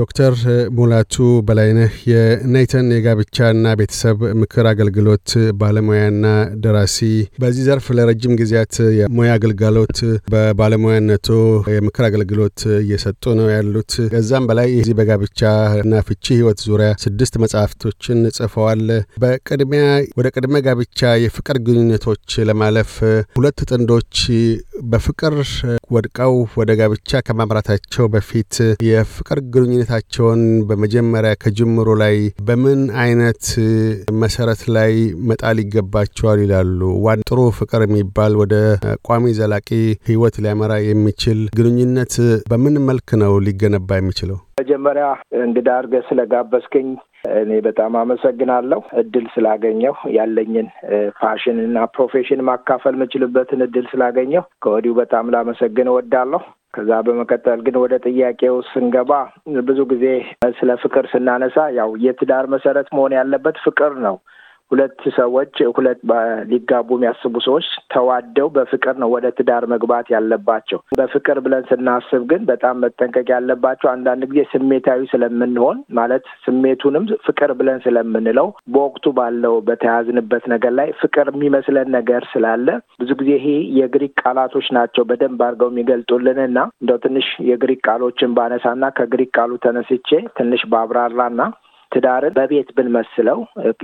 ዶክተር ሙላቱ በላይነህ የኔይተን የጋብቻና ቤተሰብ ምክር አገልግሎት ባለሙያና ደራሲ፣ በዚህ ዘርፍ ለረጅም ጊዜያት የሙያ አገልጋሎት በባለሙያነቱ የምክር አገልግሎት እየሰጡ ነው ያሉት። ከዛም በላይ እዚህ በጋብቻና ፍቺ ህይወት ዙሪያ ስድስት መጽሐፍቶችን ጽፈዋል። በቅድሚያ ወደ ቅድመ ጋብቻ የፍቅር ግንኙነቶች ለማለፍ ሁለት ጥንዶች በፍቅር ወድቀው ወደ ጋብቻ ከማምራታቸው በፊት የፍቅር ግንኙነት ግንኙነታቸውን በመጀመሪያ ከጅምሩ ላይ በምን አይነት መሰረት ላይ መጣል ይገባቸዋል ይላሉ? ዋን ጥሩ ፍቅር የሚባል ወደ ቋሚ ዘላቂ ህይወት ሊያመራ የሚችል ግንኙነት በምን መልክ ነው ሊገነባ የሚችለው? መጀመሪያ እንግዳ አድርገህ ስለጋበዝከኝ እኔ በጣም አመሰግናለሁ። እድል ስላገኘሁ ያለኝን ፋሽን እና ፕሮፌሽን ማካፈል የምችልበትን እድል ስላገኘሁ ከወዲሁ በጣም ላመሰግን እወዳለሁ። ከዛ በመቀጠል ግን ወደ ጥያቄው ስንገባ ብዙ ጊዜ ስለ ፍቅር ስናነሳ ያው የትዳር መሰረት መሆን ያለበት ፍቅር ነው። ሁለት ሰዎች ሁለት ሊጋቡ የሚያስቡ ሰዎች ተዋደው በፍቅር ነው ወደ ትዳር መግባት ያለባቸው። በፍቅር ብለን ስናስብ ግን በጣም መጠንቀቅ ያለባቸው አንዳንድ ጊዜ ስሜታዊ ስለምንሆን ማለት ስሜቱንም ፍቅር ብለን ስለምንለው በወቅቱ ባለው በተያዝንበት ነገር ላይ ፍቅር የሚመስለን ነገር ስላለ ብዙ ጊዜ ይሄ የግሪክ ቃላቶች ናቸው በደንብ አድርገው የሚገልጡልንና እንደው ትንሽ የግሪክ ቃሎችን ባነሳና ከግሪክ ቃሉ ተነስቼ ትንሽ ባብራራና ትዳርን በቤት ብንመስለው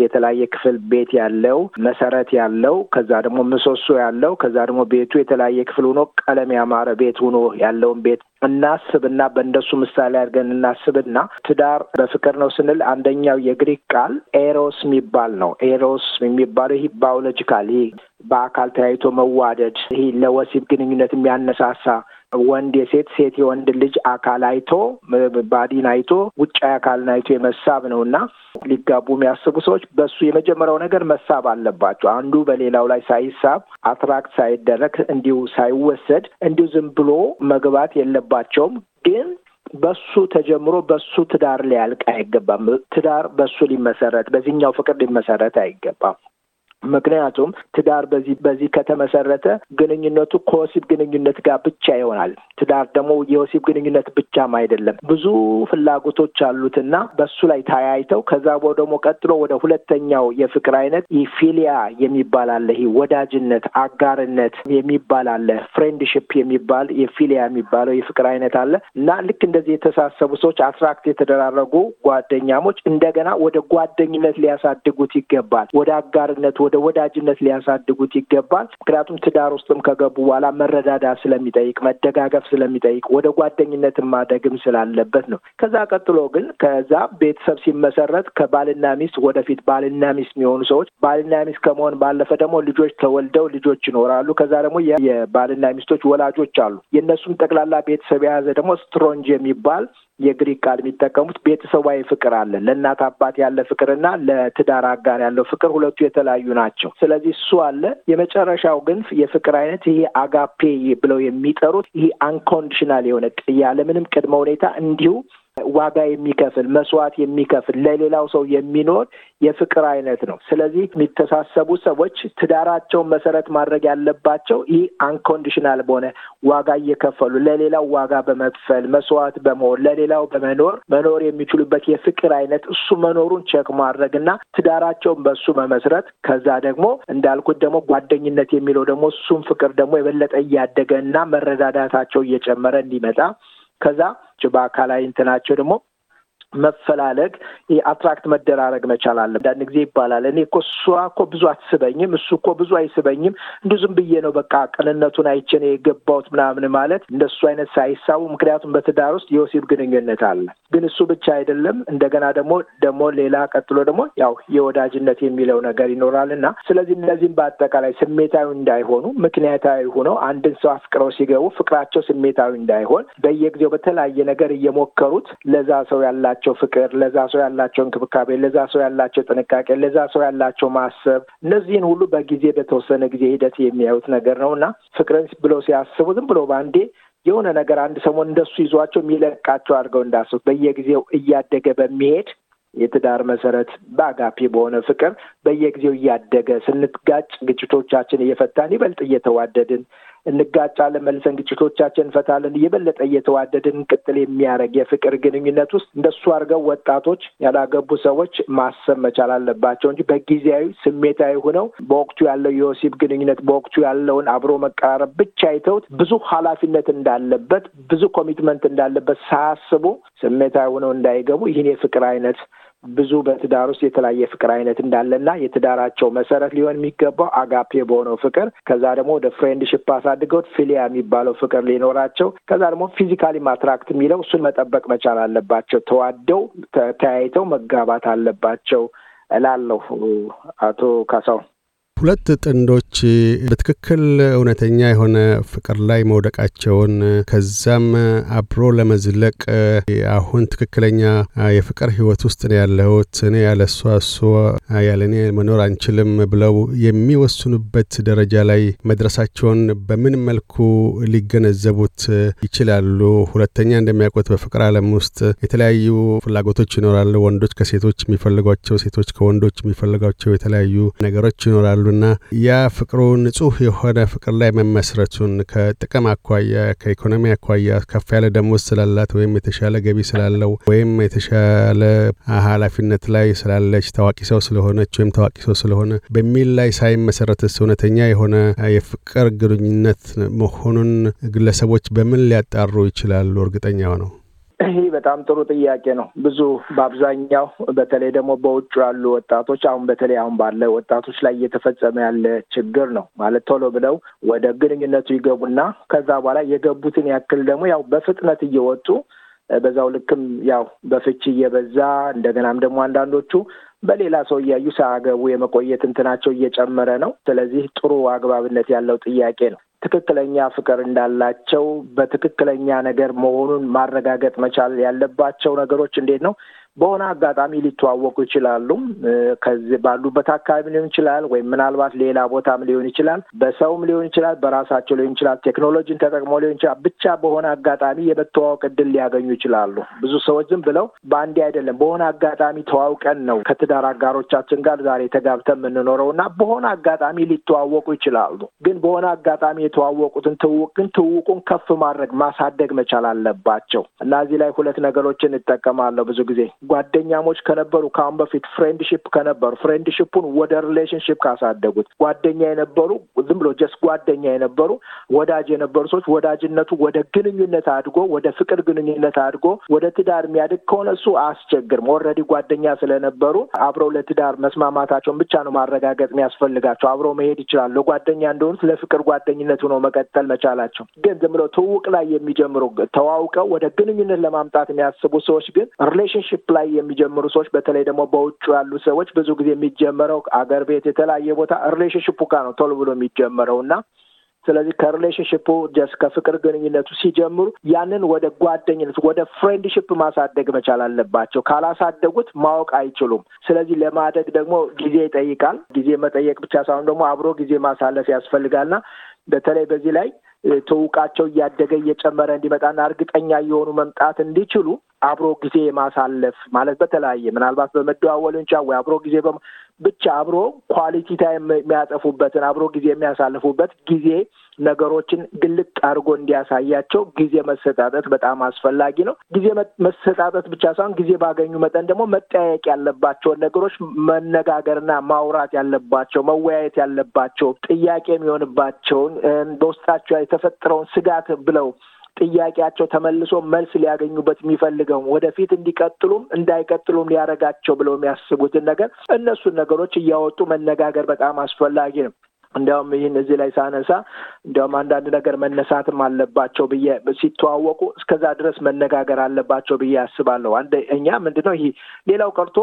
የተለያየ ክፍል ቤት ያለው መሰረት ያለው ከዛ ደግሞ ምሰሶ ያለው ከዛ ደግሞ ቤቱ የተለያየ ክፍል ሆኖ ቀለም ያማረ ቤት ሆኖ ያለውን ቤት እናስብና በእንደሱ ምሳሌ አድርገን እናስብና ትዳር በፍቅር ነው ስንል አንደኛው የግሪክ ቃል ኤሮስ የሚባል ነው። ኤሮስ የሚባለው ይህ ባዮሎጂካል ይህ በአካል ተያይቶ መዋደድ ይህ ለወሲብ ግንኙነት የሚያነሳሳ ወንድ የሴት ሴት የወንድ ልጅ አካል አይቶ ባዲን አይቶ ውጫዊ አካልን አይቶ የመሳብ ነው እና ሊጋቡ የሚያስቡ ሰዎች በሱ የመጀመሪያው ነገር መሳብ አለባቸው። አንዱ በሌላው ላይ ሳይሳብ አትራክት ሳይደረግ እንዲሁ ሳይወሰድ እንዲሁ ዝም ብሎ መግባት የለባቸውም ግን በሱ ተጀምሮ በሱ ትዳር ሊያልቅ አይገባም። ትዳር በሱ ሊመሰረት በዚህኛው ፍቅር ሊመሰረት አይገባም። ምክንያቱም ትዳር በዚህ በዚህ ከተመሰረተ ግንኙነቱ ከወሲብ ግንኙነት ጋር ብቻ ይሆናል። ትዳር ደግሞ የወሲብ ግንኙነት ብቻም አይደለም፣ ብዙ ፍላጎቶች አሉትና በሱ ላይ ተያይተው ከዛ ደግሞ ቀጥሎ ወደ ሁለተኛው የፍቅር አይነት ይፊሊያ የሚባል አለ። ይሄ ወዳጅነት፣ አጋርነት የሚባል አለ። ፍሬንድሽፕ የሚባል የፊሊያ የሚባለው የፍቅር አይነት አለ እና ልክ እንደዚህ የተሳሰቡ ሰዎች አትራክት የተደራረጉ ጓደኛሞች እንደገና ወደ ጓደኝነት ሊያሳድጉት ይገባል። ወደ አጋርነት ወደ ወዳጅነት ሊያሳድጉት ይገባል። ምክንያቱም ትዳር ውስጥም ከገቡ በኋላ መረዳዳ ስለሚጠይቅ፣ መደጋገፍ ስለሚጠይቅ ወደ ጓደኝነት ማደግም ስላለበት ነው። ከዛ ቀጥሎ ግን ከዛ ቤተሰብ ሲመሰረት ከባልና ሚስት ወደፊት ባልና ሚስት የሚሆኑ ሰዎች ባልና ሚስት ከመሆን ባለፈ ደግሞ ልጆች ተወልደው ልጆች ይኖራሉ። ከዛ ደግሞ የባልና ሚስቶች ወላጆች አሉ። የእነሱም ጠቅላላ ቤተሰብ የያዘ ደግሞ ስትሮንጅ የሚባል የግሪክ ቃል የሚጠቀሙት ቤተሰባዊ ፍቅር አለ። ለእናት አባት ያለ ፍቅርና ለትዳር አጋር ያለው ፍቅር ሁለቱ የተለያዩ ናቸው። ስለዚህ እሱ አለ። የመጨረሻው ግን የፍቅር አይነት ይሄ አጋፔ ብለው የሚጠሩት ይሄ አንኮንዲሽናል የሆነ ያለምንም ቅድመ ሁኔታ እንዲሁ ዋጋ የሚከፍል መስዋዕት የሚከፍል ለሌላው ሰው የሚኖር የፍቅር አይነት ነው። ስለዚህ የሚተሳሰቡ ሰዎች ትዳራቸውን መሰረት ማድረግ ያለባቸው ይህ አንኮንዲሽናል በሆነ ዋጋ እየከፈሉ ለሌላው ዋጋ በመክፈል መስዋዕት በመሆን ለሌላው በመኖር መኖር የሚችሉበት የፍቅር አይነት እሱ መኖሩን ቼክ ማድረግ እና ትዳራቸውን በሱ መመስረት ከዛ ደግሞ እንዳልኩት ደግሞ ጓደኝነት የሚለው ደግሞ እሱም ፍቅር ደግሞ የበለጠ እያደገ እና መረዳዳታቸው እየጨመረ እንዲመጣ ከዛ በአካላዊ እንትናቸው ደግሞ መፈላለግ አትራክት መደራረግ መቻል አለ። አንዳንድ ጊዜ ይባላል እኔ እኮ እሷ እኮ ብዙ አትስበኝም፣ እሱ እኮ ብዙ አይስበኝም፣ እንዱ ዝም ብዬ ነው በቃ ቅንነቱን አይቼ ነው የገባሁት ምናምን ማለት እንደሱ አይነት ሳይሳቡ። ምክንያቱም በትዳር ውስጥ የወሲብ ግንኙነት አለ። ግን እሱ ብቻ አይደለም። እንደገና ደግሞ ደግሞ ሌላ ቀጥሎ ደግሞ ያው የወዳጅነት የሚለው ነገር ይኖራል እና ስለዚህ እነዚህም በአጠቃላይ ስሜታዊ እንዳይሆኑ ምክንያታዊ ሆነው አንድን ሰው አፍቅረው ሲገቡ ፍቅራቸው ስሜታዊ እንዳይሆን በየጊዜው በተለያየ ነገር እየሞከሩት ለዛ ሰው ያላቸው ያላቸው ፍቅር፣ ለዛ ሰው ያላቸው እንክብካቤ፣ ለዛ ሰው ያላቸው ጥንቃቄ፣ ለዛ ሰው ያላቸው ማሰብ እነዚህን ሁሉ በጊዜ በተወሰነ ጊዜ ሂደት የሚያዩት ነገር ነው እና ፍቅርን ብለው ሲያስቡ ዝም ብሎ በአንዴ የሆነ ነገር አንድ ሰሞን እንደሱ ይዟቸው የሚለቃቸው አድርገው እንዳስቡት በየጊዜው እያደገ በሚሄድ የትዳር መሰረት በአጋፒ በሆነ ፍቅር በየጊዜው እያደገ ስንጋጭ ግጭቶቻችን እየፈታን ይበልጥ እየተዋደድን እንጋጫለን፣ መልሰን ግጭቶቻችን እንፈታለን፣ የበለጠ እየተዋደድን እንቀጥል የሚያደርግ የፍቅር ግንኙነት ውስጥ እንደሱ አድርገው ወጣቶች ያላገቡ ሰዎች ማሰብ መቻል አለባቸው እንጂ በጊዜያዊ ስሜታዊ ሆነው በወቅቱ ያለው የወሲብ ግንኙነት በወቅቱ ያለውን አብሮ መቀራረብ ብቻ አይተውት ብዙ ኃላፊነት እንዳለበት ብዙ ኮሚትመንት እንዳለበት ሳያስቡ ስሜታዊ ሆነው እንዳይገቡ ይህን የፍቅር አይነት ብዙ በትዳር ውስጥ የተለያየ ፍቅር አይነት እንዳለና የትዳራቸው መሰረት ሊሆን የሚገባው አጋፔ በሆነው ፍቅር ከዛ ደግሞ ወደ ፍሬንድሽፕ አሳድገውት ፊሊያ የሚባለው ፍቅር ሊኖራቸው ከዛ ደግሞ ፊዚካሊ ማትራክት የሚለው እሱን መጠበቅ መቻል አለባቸው። ተዋደው ተያይተው መጋባት አለባቸው እላለሁ አቶ ካሳው ሁለት ጥንዶች በትክክል እውነተኛ የሆነ ፍቅር ላይ መውደቃቸውን ከዛም አብሮ ለመዝለቅ አሁን ትክክለኛ የፍቅር ህይወት ውስጥ ነው ያለሁት እኔ ያለ እሷ እሷ ያለ እኔ መኖር አንችልም ብለው የሚወስኑበት ደረጃ ላይ መድረሳቸውን በምን መልኩ ሊገነዘቡት ይችላሉ? ሁለተኛ እንደሚያውቁት በፍቅር አለም ውስጥ የተለያዩ ፍላጎቶች ይኖራሉ። ወንዶች ከሴቶች የሚፈልጓቸው፣ ሴቶች ከወንዶች የሚፈልጓቸው የተለያዩ ነገሮች ይኖራሉ። መውሰዱና ያ ፍቅሩ ንጹህ የሆነ ፍቅር ላይ መመስረቱን ከጥቅም አኳያ ከኢኮኖሚ አኳያ ከፍ ያለ ደሞዝ ስላላት ወይም የተሻለ ገቢ ስላለው ወይም የተሻለ ኃላፊነት ላይ ስላለች ታዋቂ ሰው ስለሆነች ወይም ታዋቂ ሰው ስለሆነ በሚል ላይ ሳይመሰረትስ እውነተኛ የሆነ የፍቅር ግንኙነት መሆኑን ግለሰቦች በምን ሊያጣሩ ይችላሉ? እርግጠኛ ነው ይህ በጣም ጥሩ ጥያቄ ነው። ብዙ በአብዛኛው በተለይ ደግሞ በውጭ ያሉ ወጣቶች አሁን በተለይ አሁን ባለ ወጣቶች ላይ እየተፈጸመ ያለ ችግር ነው ማለት ቶሎ ብለው ወደ ግንኙነቱ ይገቡና ከዛ በኋላ የገቡትን ያክል ደግሞ ያው በፍጥነት እየወጡ በዛው ልክም ያው በፍቺ እየበዛ እንደገናም ደግሞ አንዳንዶቹ በሌላ ሰው እያዩ ሳያገቡ የመቆየት እንትናቸው እየጨመረ ነው። ስለዚህ ጥሩ አግባብነት ያለው ጥያቄ ነው። ትክክለኛ ፍቅር እንዳላቸው በትክክለኛ ነገር መሆኑን ማረጋገጥ መቻል ያለባቸው ነገሮች እንዴት ነው በሆነ አጋጣሚ ሊተዋወቁ ይችላሉ። ከዚህ ባሉበት አካባቢ ሊሆን ይችላል፣ ወይም ምናልባት ሌላ ቦታም ሊሆን ይችላል፣ በሰውም ሊሆን ይችላል፣ በራሳቸው ሊሆን ይችላል፣ ቴክኖሎጂን ተጠቅሞ ሊሆን ይችላል። ብቻ በሆነ አጋጣሚ የመተዋወቅ እድል ሊያገኙ ይችላሉ። ብዙ ሰዎች ዝም ብለው በአንዴ አይደለም፣ በሆነ አጋጣሚ ተዋውቀን ነው ከትዳር አጋሮቻችን ጋር ዛሬ ተጋብተን የምንኖረው እና በሆነ አጋጣሚ ሊተዋወቁ ይችላሉ። ግን በሆነ አጋጣሚ የተዋወቁትን ትውቅ ግን ትውቁን ከፍ ማድረግ ማሳደግ መቻል አለባቸው እና እዚህ ላይ ሁለት ነገሮችን እጠቀማለሁ ብዙ ጊዜ ጓደኛሞች ከነበሩ ከአሁን በፊት ፍሬንድሽፕ ከነበሩ ፍሬንድሽፑን ወደ ሪሌሽንሽፕ ካሳደጉት ጓደኛ የነበሩ ዝም ብሎ ጀስ ጓደኛ የነበሩ ወዳጅ የነበሩ ሰዎች ወዳጅነቱ ወደ ግንኙነት አድጎ ወደ ፍቅር ግንኙነት አድጎ ወደ ትዳር የሚያድግ ከሆነ እሱ አያስቸግርም። ኦልሬዲ ጓደኛ ስለነበሩ አብረው ለትዳር መስማማታቸውን ብቻ ነው ማረጋገጥ የሚያስፈልጋቸው። አብረው መሄድ ይችላሉ። ለጓደኛ እንደሆኑት ለፍቅር ጓደኝነት ሆኖ መቀጠል መቻላቸው። ግን ዝም ብሎ ትውውቅ ላይ የሚጀምሩ ተዋውቀው ወደ ግንኙነት ለማምጣት የሚያስቡ ሰዎች ግን ሪሌሽንሽፕ ላይ የሚጀምሩ ሰዎች በተለይ ደግሞ በውጭ ያሉ ሰዎች ብዙ ጊዜ የሚጀመረው አገር ቤት የተለያየ ቦታ ሪሌሽንሽፑ ጋር ነው ቶሎ ብሎ የሚጀመረው እና ስለዚህ ከሪሌሽንሽፑ ጀስ ከፍቅር ግንኙነቱ ሲጀምሩ ያንን ወደ ጓደኝነት ወደ ፍሬንድሽፕ ማሳደግ መቻል አለባቸው። ካላሳደጉት ማወቅ አይችሉም። ስለዚህ ለማደግ ደግሞ ጊዜ ይጠይቃል። ጊዜ መጠየቅ ብቻ ሳይሆን ደግሞ አብሮ ጊዜ ማሳለፍ ያስፈልጋልና በተለይ በዚህ ላይ ትውቃቸው እያደገ እየጨመረ እንዲመጣና እርግጠኛ እየሆኑ መምጣት እንዲችሉ አብሮ ጊዜ የማሳለፍ ማለት በተለያየ ምናልባት በመደዋወል እንቻ ወይ አብሮ ጊዜ ብቻ አብሮ ኳሊቲ ታይም የሚያጠፉበትን አብሮ ጊዜ የሚያሳልፉበት ጊዜ ነገሮችን ግልቅ አድርጎ እንዲያሳያቸው ጊዜ መሰጣጠት በጣም አስፈላጊ ነው። ጊዜ መሰጣጠት ብቻ ሳይሆን ጊዜ ባገኙ መጠን ደግሞ መጠያየቅ ያለባቸውን ነገሮች መነጋገርና ማውራት ያለባቸው መወያየት ያለባቸው ጥያቄ የሚሆንባቸውን በውስጣቸው የተፈጠረውን ስጋት ብለው ጥያቄያቸው ተመልሶ መልስ ሊያገኙበት የሚፈልገው ወደፊት እንዲቀጥሉም እንዳይቀጥሉም ሊያደርጋቸው ብለው የሚያስቡትን ነገር እነሱን ነገሮች እያወጡ መነጋገር በጣም አስፈላጊ ነው። እንዲያውም ይህን እዚህ ላይ ሳነሳ እንዲያውም አንዳንድ ነገር መነሳትም አለባቸው ብዬ ሲተዋወቁ እስከዛ ድረስ መነጋገር አለባቸው ብዬ አስባለሁ። አንደ ምንድን ነው ይሄ ሌላው ቀርቶ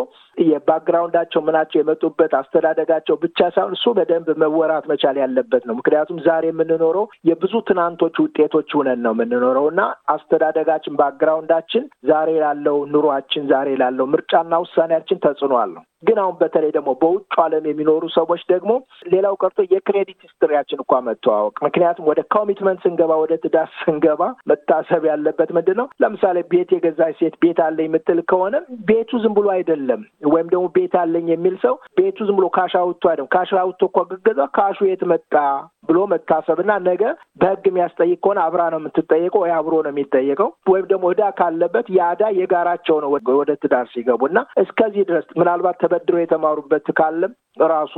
የባክግራውንዳቸው ምናቸው የመጡበት አስተዳደጋቸው ብቻ ሳይሆን እሱ በደንብ መወራት መቻል ያለበት ነው። ምክንያቱም ዛሬ የምንኖረው የብዙ ትናንቶች ውጤቶች ሁነን ነው የምንኖረው እና አስተዳደጋችን፣ ባክግራውንዳችን ዛሬ ላለው ኑሯችን፣ ዛሬ ላለው ምርጫና ውሳኔያችን ተጽዕኖ አለው። ግን አሁን በተለይ ደግሞ በውጭ ዓለም የሚኖሩ ሰዎች ደግሞ ሌላው ቀርቶ የክሬዲት ሂስትሪያችን እኳ መተዋወቅ። ምክንያቱም ወደ ኮሚትመንት ስንገባ፣ ወደ ትዳር ስንገባ መታሰብ ያለበት ምንድን ነው? ለምሳሌ ቤት የገዛች ሴት ቤት አለኝ የምትል ከሆነ ቤቱ ዝም ብሎ አይደለም። ወይም ደግሞ ቤት አለኝ የሚል ሰው ቤቱ ዝም ብሎ ካሽ አውጥቶ አይደለም። ካሽ አውጥቶ እኳ ግገዛ ካሹ የት መጣ ብሎ መታሰብና ነገ በህግ የሚያስጠይቅ ከሆነ አብራ ነው የምትጠየቀው ወይ አብሮ ነው የሚጠየቀው። ወይም ደግሞ እዳ ካለበት ያዳ የጋራቸው ነው ወደ ትዳር ሲገቡ እና እስከዚህ ድረስ ምናልባት ተበድረው የተማሩበት ካለም ራሱ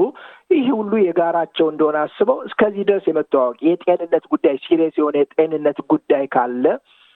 ይህ ሁሉ የጋራቸው እንደሆነ አስበው እስከዚህ ድረስ የመተዋወቅ የጤንነት ጉዳይ ሲሪየስ የሆነ የጤንነት ጉዳይ ካለ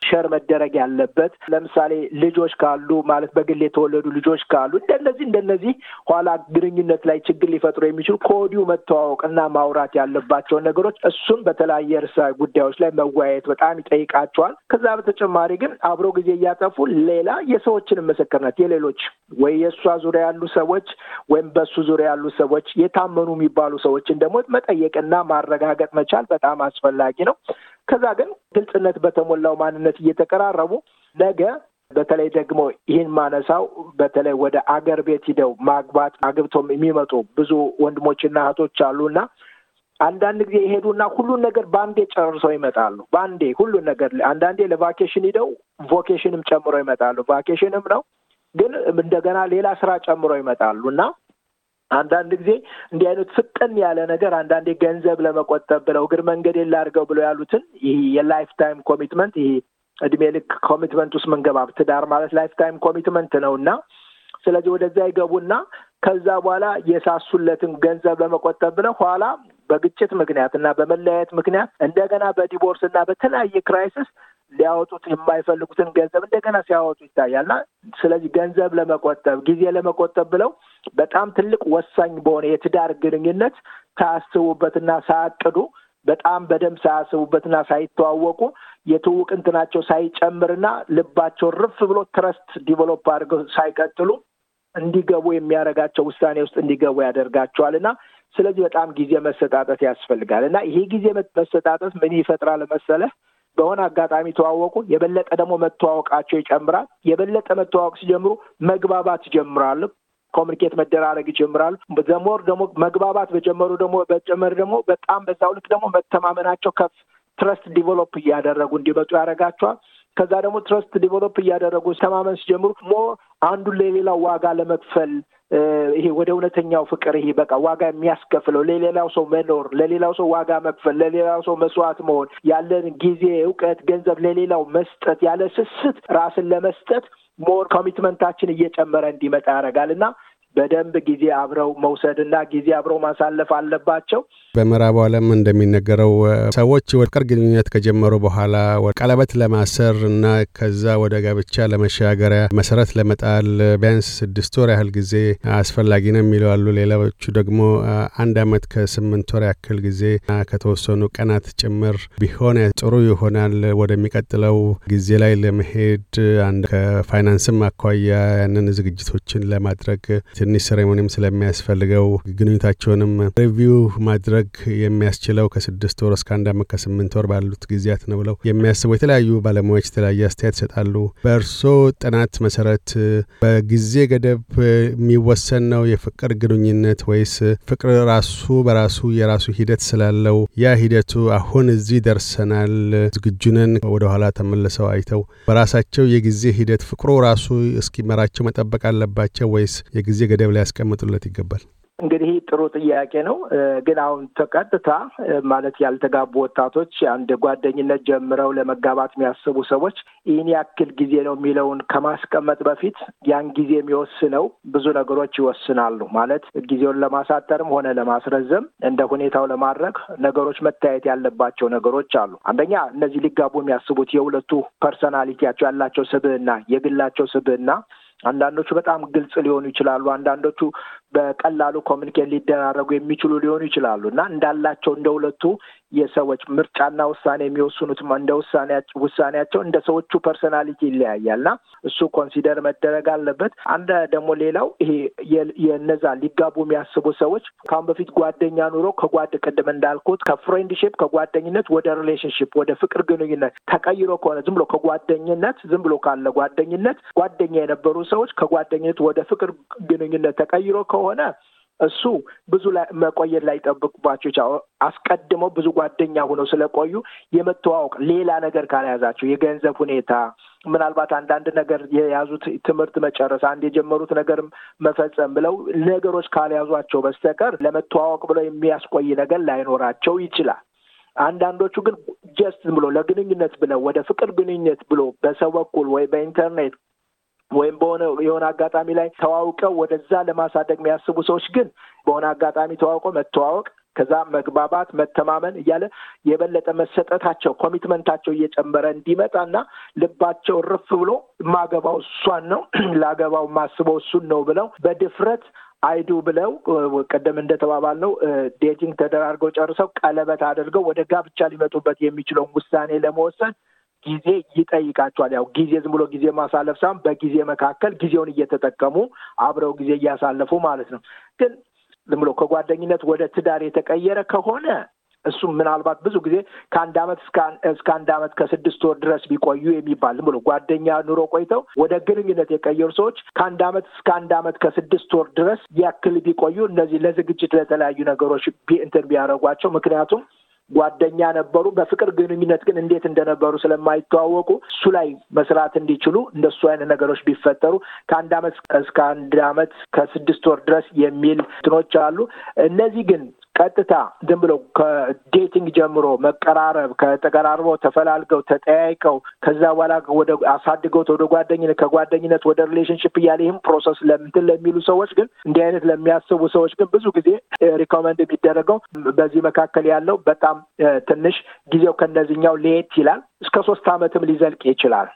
ሸር መደረግ ያለበት ለምሳሌ ልጆች ካሉ ማለት በግል የተወለዱ ልጆች ካሉ እንደነዚህ እንደነዚህ ኋላ ግንኙነት ላይ ችግር ሊፈጥሩ የሚችሉ ከወዲሁ መተዋወቅ እና ማውራት ያለባቸውን ነገሮች እሱም በተለያየ ርዕሰ ጉዳዮች ላይ መወያየት በጣም ይጠይቃቸዋል። ከዛ በተጨማሪ ግን አብሮ ጊዜ እያጠፉ ሌላ የሰዎችንም ምስክርነት የሌሎች ወይ የእሷ ዙሪያ ያሉ ሰዎች ወይም በሱ ዙሪያ ያሉ ሰዎች የታመኑ የሚባሉ ሰዎችን ደግሞ መጠየቅና ማረጋገጥ መቻል በጣም አስፈላጊ ነው። ከዛ ግን ግልጽነት በተሞላው ማንነት እየተቀራረቡ ነገ በተለይ ደግሞ ይህን ማነሳው በተለይ ወደ አገር ቤት ሂደው ማግባት አግብቶም የሚመጡ ብዙ ወንድሞችና እህቶች አሉና አንዳንድ ጊዜ ይሄዱና ሁሉን ነገር በአንዴ ጨርሰው ይመጣሉ። በአንዴ ሁሉን ነገር አንዳንዴ ለቫኬሽን ሂደው ቮኬሽንም ጨምሮ ይመጣሉ። ቫኬሽንም ነው ግን እንደገና ሌላ ስራ ጨምሮ ይመጣሉ እና አንዳንድ ጊዜ እንዲህ አይነት ፍጥን ያለ ነገር አንዳንዴ ገንዘብ ለመቆጠብ ብለው እግር መንገድ የላርገው ብለው ያሉትን ይህ የላይፍ ታይም ኮሚትመንት ይህ እድሜ ልክ ኮሚትመንት ውስጥ ምንገባ ትዳር ማለት ላይፍ ታይም ኮሚትመንት ነው እና ስለዚህ ወደዛ ይገቡና ከዛ በኋላ የሳሱለትን ገንዘብ ለመቆጠብ ብለው ኋላ በግጭት ምክንያት እና በመለያየት ምክንያት እንደገና በዲቮርስ እና በተለያየ ክራይሲስ ሊያወጡት የማይፈልጉትን ገንዘብ እንደገና ሲያወጡ ይታያል ስለዚህ ገንዘብ ለመቆጠብ ጊዜ ለመቆጠብ ብለው በጣም ትልቅ ወሳኝ በሆነ የትዳር ግንኙነት ሳያስቡበትና ሳያቅዱ በጣም በደንብ ሳያስቡበትና ሳይተዋወቁ የትውውቅ እንትናቸው ሳይጨምርና ልባቸው ርፍ ብሎ ትረስት ዲቨሎፕ አድርገው ሳይቀጥሉ እንዲገቡ የሚያደርጋቸው ውሳኔ ውስጥ እንዲገቡ ያደርጋቸዋል እና ስለዚህ በጣም ጊዜ መሰጣጠት ያስፈልጋል እና ይሄ ጊዜ መሰጣጠት ምን ይፈጥራል መሰለህ? በሆነ አጋጣሚ ተዋወቁ። የበለጠ ደግሞ መተዋወቃቸው ይጨምራል። የበለጠ መተዋወቅ ሲጀምሩ መግባባት ይጀምራሉ። ኮሚኒኬት መደራረግ ይጀምራሉ። ዘሞር ደግሞ መግባባት በጀመሩ ደግሞ በጀመር ደግሞ በጣም በዛው ልክ ደግሞ መተማመናቸው ከፍ ትረስት ዲቨሎፕ እያደረጉ እንዲመጡ ያደረጋቸዋል። ከዛ ደግሞ ትረስት ዲቨሎፕ እያደረጉ ተማመን ሲጀምሩ ሞር አንዱ ለሌላው ዋጋ ለመክፈል ይሄ ወደ እውነተኛው ፍቅር ይሄ በቃ ዋጋ የሚያስከፍለው ለሌላው ሰው መኖር፣ ለሌላው ሰው ዋጋ መክፈል፣ ለሌላው ሰው መስዋዕት መሆን፣ ያለን ጊዜ፣ እውቀት፣ ገንዘብ ለሌላው መስጠት፣ ያለ ስስት ራስን ለመስጠት ሞር ኮሚትመንታችን እየጨመረ እንዲመጣ ያደርጋል እና በደንብ ጊዜ አብረው መውሰድና ጊዜ አብረው ማሳለፍ አለባቸው። በምዕራቡ ዓለም እንደሚነገረው ሰዎች ወቅር ግንኙነት ከጀመሩ በኋላ ቀለበት ለማሰር እና ከዛ ወደ ጋብቻ ለመሻገሪያ መሰረት ለመጣል ቢያንስ ስድስት ወር ያህል ጊዜ አስፈላጊ ነው የሚለው አሉ። ሌሎቹ ደግሞ አንድ ዓመት ከስምንት ወር ያክል ጊዜ ከተወሰኑ ቀናት ጭምር ቢሆን ጥሩ ይሆናል ወደሚቀጥለው ጊዜ ላይ ለመሄድ አንድ ከፋይናንስም አኳያ ያንን ዝግጅቶችን ለማድረግ ትንሽ ሰሬሞኒም ስለሚያስፈልገው ግንኙታቸውንም ሪቪው ማድረግ የሚያስችለው ከስድስት ወር እስከ አንድ አመት ከስምንት ወር ባሉት ጊዜያት ነው ብለው የሚያስቡ የተለያዩ ባለሙያዎች የተለያየ አስተያየት ይሰጣሉ። በእርሶ ጥናት መሰረት በጊዜ ገደብ የሚወሰን ነው የፍቅር ግንኙነት ወይስ ፍቅር ራሱ በራሱ የራሱ ሂደት ስላለው ያ ሂደቱ አሁን እዚህ ደርሰናል ዝግጁነን ወደኋላ ተመልሰው አይተው በራሳቸው የጊዜ ሂደት ፍቅሩ ራሱ እስኪመራቸው መጠበቅ አለባቸው ወይስ የጊዜ ገደብ ላይ ያስቀምጡለት ይገባል? እንግዲህ ጥሩ ጥያቄ ነው። ግን አሁን ተቀጥታ ማለት ያልተጋቡ ወጣቶች አንድ ጓደኝነት ጀምረው ለመጋባት የሚያስቡ ሰዎች ይህን ያክል ጊዜ ነው የሚለውን ከማስቀመጥ በፊት ያን ጊዜ የሚወስነው ብዙ ነገሮች ይወስናሉ። ማለት ጊዜውን ለማሳጠርም ሆነ ለማስረዘም እንደ ሁኔታው ለማድረግ ነገሮች መታየት ያለባቸው ነገሮች አሉ። አንደኛ እነዚህ ሊጋቡ የሚያስቡት የሁለቱ ፐርሰናሊቲያቸው ያላቸው ስብዕና፣ የግላቸው ስብዕና አንዳንዶቹ በጣም ግልጽ ሊሆኑ ይችላሉ። አንዳንዶቹ በቀላሉ ኮሚኒኬት ሊደራረጉ የሚችሉ ሊሆኑ ይችላሉ እና እንዳላቸው እንደ ሁለቱ የሰዎች ምርጫና ውሳኔ የሚወስኑት እንደ ውሳኔያቸው እንደ ሰዎቹ ፐርሶናሊቲ ይለያያል እና እሱ ኮንሲደር መደረግ አለበት። አንድ ደግሞ ሌላው ይሄ የነዛ ሊጋቡ የሚያስቡ ሰዎች ካሁን በፊት ጓደኛ ኑሮ ከጓድ ቅድም እንዳልኩት ከፍሬንድሽፕ ከጓደኝነት ወደ ሪሌሽንሽፕ ወደ ፍቅር ግንኙነት ተቀይሮ ከሆነ ዝም ብሎ ከጓደኝነት ዝም ብሎ ካለ ጓደኝነት ጓደኛ የነበሩ ሰዎች ከጓደኝነት ወደ ፍቅር ግንኙነት ተቀይሮ ከሆነ ከሆነ እሱ ብዙ መቆየት ላይ ጠብቅባቸው ይቻ አስቀድመው ብዙ ጓደኛ ሆነው ስለቆዩ የመተዋወቅ ሌላ ነገር ካልያዛቸው የገንዘብ ሁኔታ ምናልባት አንዳንድ ነገር የያዙት ትምህርት መጨረስ፣ አንድ የጀመሩት ነገር መፈጸም ብለው ነገሮች ካልያዟቸው በስተቀር ለመተዋወቅ ብለው የሚያስቆይ ነገር ላይኖራቸው ይችላል። አንዳንዶቹ ግን ጀስት ብሎ ለግንኙነት ብለው ወደ ፍቅር ግንኙነት ብሎ በሰው በኩል ወይ በኢንተርኔት ወይም በሆነ የሆነ አጋጣሚ ላይ ተዋውቀው ወደዛ ለማሳደግ የሚያስቡ ሰዎች ግን በሆነ አጋጣሚ ተዋውቆ መተዋወቅ ከዛ መግባባት፣ መተማመን እያለ የበለጠ መሰጠታቸው ኮሚትመንታቸው እየጨመረ እንዲመጣና ልባቸው ርፍ ብሎ ማገባው እሷን ነው ላገባው ማስበው እሱን ነው ብለው በድፍረት አይዱ ብለው ቀደም ነው ዴቲንግ ተደራርገው ጨርሰው ቀለበት አድርገው ወደ ጋብቻ ሊመጡበት የሚችለውን ውሳኔ ለመወሰን ጊዜ ይጠይቃቸዋል። ያው ጊዜ ዝም ብሎ ጊዜ ማሳለፍ ሳይሆን በጊዜ መካከል ጊዜውን እየተጠቀሙ አብረው ጊዜ እያሳለፉ ማለት ነው። ግን ዝም ብሎ ከጓደኝነት ወደ ትዳር የተቀየረ ከሆነ እሱም ምናልባት ብዙ ጊዜ ከአንድ አመት እስከ አንድ ዓመት ከስድስት ወር ድረስ ቢቆዩ የሚባል ዝም ብሎ ጓደኛ ኑሮ ቆይተው ወደ ግንኙነት የቀየሩ ሰዎች ከአንድ ዓመት እስከ አንድ ዓመት ከስድስት ወር ድረስ ያክል ቢቆዩ እነዚህ ለዝግጅት ለተለያዩ ነገሮች እንትን ቢያደርጓቸው ምክንያቱም ጓደኛ ነበሩ። በፍቅር ግንኙነት ግን እንዴት እንደነበሩ ስለማይተዋወቁ እሱ ላይ መስራት እንዲችሉ እንደሱ አይነት ነገሮች ቢፈጠሩ ከአንድ አመት እስከ አንድ አመት ከስድስት ወር ድረስ የሚል ትኖች አሉ። እነዚህ ግን ቀጥታ ዝም ብሎ ከዴቲንግ ጀምሮ መቀራረብ ከተቀራርበው ተፈላልገው ተጠያይቀው ከዛ በኋላ ወደ አሳድገውት ወደ ጓደኝነት ከጓደኝነት ወደ ሪሌሽንሽፕ እያለ ይህም ፕሮሰስ ለምትን ለሚሉ ሰዎች ግን እንዲህ አይነት ለሚያስቡ ሰዎች ግን ብዙ ጊዜ ሪኮመንድ eh, የሚደረገው በዚህ መካከል ያለው በጣም eh, ትንሽ ጊዜው ከነዚህኛው ለየት ይላል። እስከ ሶስት ዓመትም ሊዘልቅ ይችላል።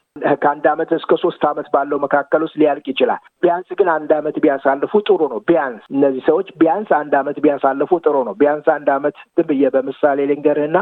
ከአንድ ዓመት እስከ ሶስት ዓመት ባለው መካከል ውስጥ ሊያልቅ ይችላል። ቢያንስ ግን አንድ ዓመት ቢያሳልፉ ጥሩ ነው። ቢያንስ እነዚህ ሰዎች ቢያንስ አንድ ዓመት ቢያሳልፉ ጥሩ ነው። ቢያንስ አንድ ዓመት ዝም ብዬ በምሳሌ ልንገርህና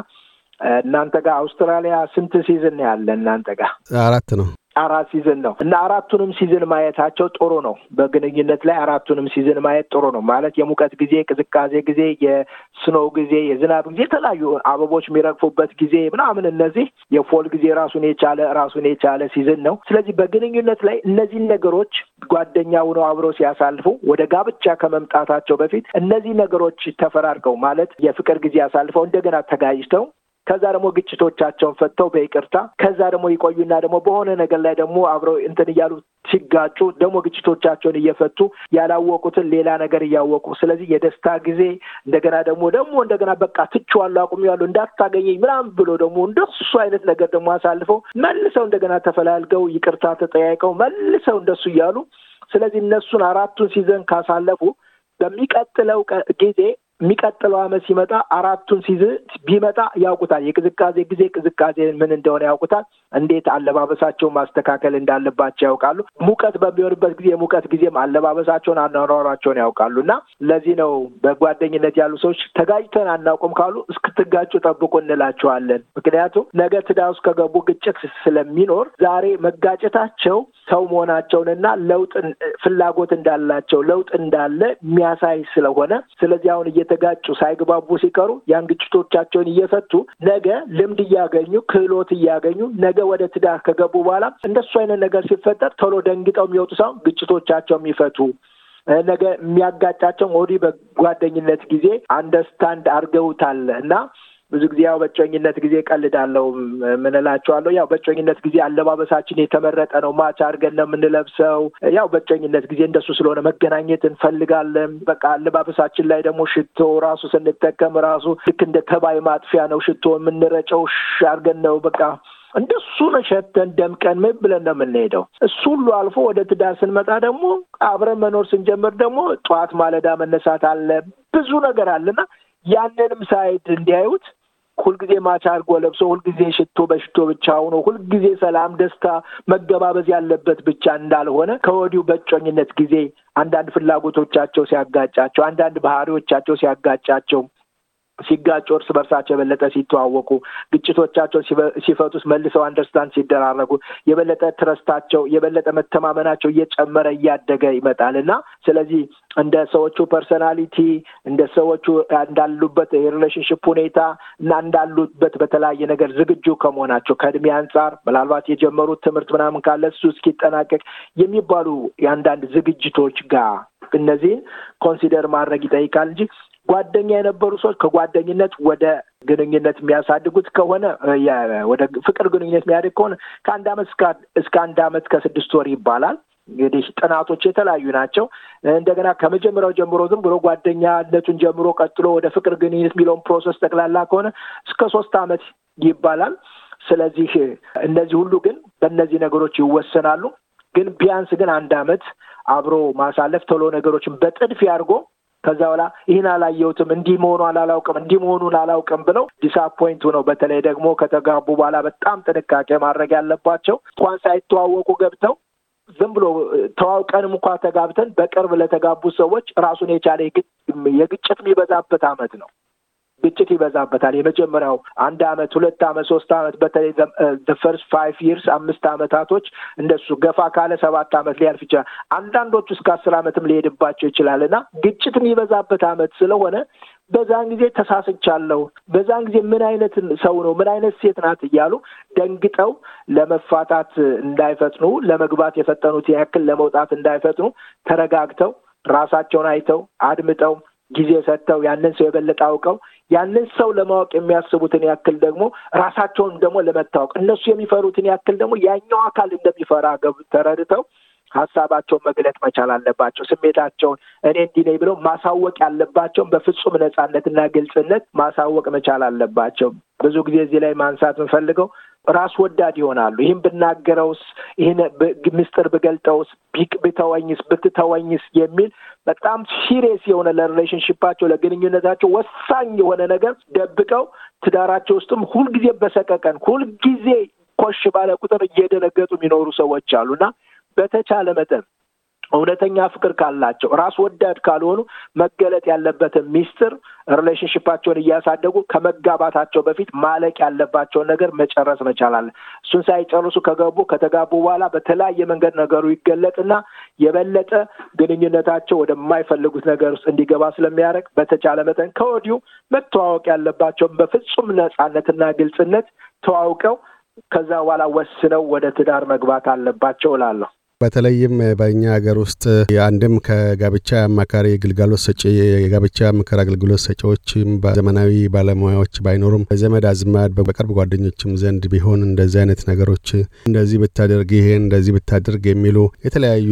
እናንተ ጋር አውስትራሊያ ስንት ሲዝን ያለ? እናንተ ጋር አራት ነው። አራት ሲዝን ነው እና አራቱንም ሲዝን ማየታቸው ጥሩ ነው። በግንኙነት ላይ አራቱንም ሲዝን ማየት ጥሩ ነው ማለት የሙቀት ጊዜ፣ ቅዝቃዜ ጊዜ፣ የስኖው ጊዜ፣ የዝናብ ጊዜ፣ የተለያዩ አበቦች የሚረግፉበት ጊዜ ምናምን እነዚህ የፎል ጊዜ ራሱን የቻለ ራሱን የቻለ ሲዝን ነው። ስለዚህ በግንኙነት ላይ እነዚህን ነገሮች ጓደኛ ሆነው አብረው ሲያሳልፉ ወደ ጋብቻ ከመምጣታቸው በፊት እነዚህ ነገሮች ተፈራርቀው ማለት የፍቅር ጊዜ አሳልፈው እንደገና ተጋጅተው ከዛ ደግሞ ግጭቶቻቸውን ፈተው በይቅርታ ከዛ ደግሞ ይቆዩና ደግሞ በሆነ ነገር ላይ ደግሞ አብረው እንትን እያሉ ሲጋጩ ደግሞ ግጭቶቻቸውን እየፈቱ ያላወቁትን ሌላ ነገር እያወቁ ስለዚህ የደስታ ጊዜ እንደገና ደግሞ ደግሞ እንደገና በቃ ትችዋለሁ አቁሜዋለሁ እንዳታገኘኝ ምናም ብሎ ደግሞ እንደሱ አይነት ነገር ደግሞ አሳልፈው መልሰው እንደገና ተፈላልገው ይቅርታ ተጠያይቀው መልሰው እንደሱ እያሉ ስለዚህ እነሱን አራቱን ሲዘን ካሳለፉ በሚቀጥለው ጊዜ የሚቀጥለው ዓመት ሲመጣ አራቱን ሲዝ ቢመጣ ያውቁታል። የቅዝቃዜ ጊዜ ቅዝቃዜ ምን እንደሆነ ያውቁታል። እንዴት አለባበሳቸውን ማስተካከል እንዳለባቸው ያውቃሉ። ሙቀት በሚሆንበት ጊዜ የሙቀት ጊዜም አለባበሳቸውን፣ አኗኗሯቸውን ያውቃሉ እና ለዚህ ነው በጓደኝነት ያሉ ሰዎች ተጋጭተን አናውቅም ካሉ እስክትጋጩ ጠብቁ እንላቸዋለን። ምክንያቱም ነገ ትዳር ውስጥ ከገቡ ግጭት ስለሚኖር ዛሬ መጋጨታቸው ሰው መሆናቸውንና ለውጥ ፍላጎት እንዳላቸው ለውጥ እንዳለ የሚያሳይ ስለሆነ ስለዚህ አሁን እየተጋጩ ሳይግባቡ ሲቀሩ ያን ግጭቶቻቸውን እየፈቱ ነገ ልምድ እያገኙ ክህሎት እያገኙ ነገ ወደ ትዳር ከገቡ በኋላ እንደሱ አይነት ነገር ሲፈጠር ቶሎ ደንግጠው የሚወጡ ሳይሆን ግጭቶቻቸው የሚፈቱ ነገ የሚያጋጫቸው ወዲህ በጓደኝነት ጊዜ አንደርስታንድ አድርገውታል እና ብዙ ጊዜ ያው በጮኝነት ጊዜ ቀልዳለው ምንላቸዋለሁ። ያው በጮኝነት ጊዜ አለባበሳችን የተመረጠ ነው፣ ማች አድርገን ነው የምንለብሰው። ያው በጮኝነት ጊዜ እንደሱ ስለሆነ መገናኘት እንፈልጋለን። በቃ አለባበሳችን ላይ ደግሞ ሽቶ ራሱ ስንጠቀም ራሱ ልክ እንደ ተባይ ማጥፊያ ነው ሽቶ የምንረጨው አድርገን ነው በቃ እንደሱ ነው ሸተን ደምቀን ምን ብለን ነው የምንሄደው? እሱ ሁሉ አልፎ ወደ ትዳር ስንመጣ ደግሞ አብረን መኖር ስንጀምር ደግሞ ጠዋት ማለዳ መነሳት አለ፣ ብዙ ነገር አለና ያንንም ሳይድ እንዲያዩት ሁልጊዜ ማቻ አድርጎ ለብሶ ሁልጊዜ ሽቶ በሽቶ ብቻ ሆኖ ሁልጊዜ ሰላም፣ ደስታ፣ መገባበዝ ያለበት ብቻ እንዳልሆነ ከወዲሁ በእጮኝነት ጊዜ አንዳንድ ፍላጎቶቻቸው ሲያጋጫቸው፣ አንዳንድ ባህሪዎቻቸው ሲያጋጫቸው ሲጋጩ እርስ በርሳቸው የበለጠ ሲተዋወቁ ግጭቶቻቸው ሲፈቱስ መልሰው አንደርስታንድ ሲደራረጉ የበለጠ ትረስታቸው የበለጠ መተማመናቸው እየጨመረ እያደገ ይመጣል እና ስለዚህ እንደ ሰዎቹ ፐርሰናሊቲ እንደ ሰዎቹ እንዳሉበት የሪሌሽንሽፕ ሁኔታ እና እንዳሉበት በተለያየ ነገር ዝግጁ ከመሆናቸው ከእድሜ አንጻር ምናልባት የጀመሩት ትምህርት ምናምን ካለ እሱ እስኪጠናቀቅ የሚባሉ የአንዳንድ ዝግጅቶች ጋር እነዚህን ኮንሲደር ማድረግ ይጠይቃል እንጂ ጓደኛ የነበሩ ሰዎች ከጓደኝነት ወደ ግንኙነት የሚያሳድጉት ከሆነ ወደ ፍቅር ግንኙነት የሚያደግ ከሆነ ከአንድ አመት እስከ አንድ አመት ከስድስት ወር ይባላል። እንግዲህ ጥናቶች የተለያዩ ናቸው። እንደገና ከመጀመሪያው ጀምሮ ዝም ብሎ ጓደኛነቱን ጀምሮ ቀጥሎ ወደ ፍቅር ግንኙነት የሚለውን ፕሮሰስ ጠቅላላ ከሆነ እስከ ሶስት አመት ይባላል። ስለዚህ እነዚህ ሁሉ ግን በእነዚህ ነገሮች ይወሰናሉ። ግን ቢያንስ ግን አንድ አመት አብሮ ማሳለፍ ቶሎ ነገሮችን በጥድፊ አድርጎ ከዛ በኋላ ይህን አላየሁትም፣ እንዲህ መሆኑ አላላውቅም፣ እንዲህ መሆኑን አላውቅም ብለው ዲስአፖይንቱ ነው። በተለይ ደግሞ ከተጋቡ በኋላ በጣም ጥንቃቄ ማድረግ ያለባቸው እንኳን ሳይተዋወቁ ገብተው ዝም ብሎ ተዋውቀንም እንኳ ተጋብተን በቅርብ ለተጋቡ ሰዎች ራሱን የቻለ የግጭት የሚበዛበት አመት ነው። ግጭት ይበዛበታል። የመጀመሪያው አንድ አመት፣ ሁለት አመት፣ ሶስት አመት በተለይ ፈርስት ፋይቭ ይርስ አምስት አመታቶች እንደሱ ገፋ ካለ ሰባት አመት ሊያልፍ ይችላል። አንዳንዶቹ እስከ አስር አመትም ሊሄድባቸው ይችላል እና ግጭት የሚበዛበት አመት ስለሆነ በዛን ጊዜ ተሳስቻለሁ፣ በዛን ጊዜ ምን አይነት ሰው ነው ምን አይነት ሴት ናት እያሉ ደንግጠው ለመፋታት እንዳይፈጥኑ፣ ለመግባት የፈጠኑት ያክል ለመውጣት እንዳይፈጥኑ ተረጋግተው ራሳቸውን አይተው አድምጠው ጊዜ ሰጥተው ያንን ሰው የበለጠ አውቀው ያንን ሰው ለማወቅ የሚያስቡትን ያክል ደግሞ ራሳቸውን ደግሞ ለመታወቅ እነሱ የሚፈሩትን ያክል ደግሞ ያኛው አካል እንደሚፈራ ገብ ተረድተው ሀሳባቸውን መግለጥ መቻል አለባቸው። ስሜታቸውን እኔ እንዲህ ነኝ ብለው ማሳወቅ ያለባቸውን በፍጹም ነጻነትና ግልጽነት ማሳወቅ መቻል አለባቸው። ብዙ ጊዜ እዚህ ላይ ማንሳት የምንፈልገው ራስ ወዳድ ይሆናሉ። ይህን ብናገረውስ፣ ይህን ምስጢር ብገልጠውስ፣ ብተወኝስ፣ ብትተወኝስ የሚል በጣም ሲሪየስ የሆነ ለሪሌሽንሽፓቸው ለግንኙነታቸው ወሳኝ የሆነ ነገር ደብቀው ትዳራቸው ውስጥም ሁልጊዜ በሰቀቀን ሁልጊዜ ኮሽ ባለ ቁጥር እየደነገጡ የሚኖሩ ሰዎች እና በተቻለ መጠን እውነተኛ ፍቅር ካላቸው ራስ ወዳድ ካልሆኑ መገለጥ ያለበትን ሚስጥር ሪሌሽንሽፓቸውን እያሳደጉ ከመጋባታቸው በፊት ማለቅ ያለባቸውን ነገር መጨረስ መቻላለን። እሱን ሳይጨርሱ ከገቡ ከተጋቡ በኋላ በተለያየ መንገድ ነገሩ ይገለጥና የበለጠ ግንኙነታቸው ወደማይፈልጉት ነገር ውስጥ እንዲገባ ስለሚያደርግ በተቻለ መጠን ከወዲሁ መተዋወቅ ያለባቸውን በፍጹም ነጻነትና ግልጽነት ተዋውቀው ከዛ በኋላ ወስነው ወደ ትዳር መግባት አለባቸው እላለሁ። በተለይም በእኛ ሀገር ውስጥ አንድም ከጋብቻ አማካሪ ግልጋሎት ሰጪ የጋብቻ ምክር አገልግሎት ሰጪዎችም በዘመናዊ ባለሙያዎች ባይኖሩም ዘመድ አዝማድ በቅርብ ጓደኞችም ዘንድ ቢሆን እንደዚህ አይነት ነገሮች እንደዚህ ብታደርግ ይሄን እንደዚህ ብታደርግ የሚሉ የተለያዩ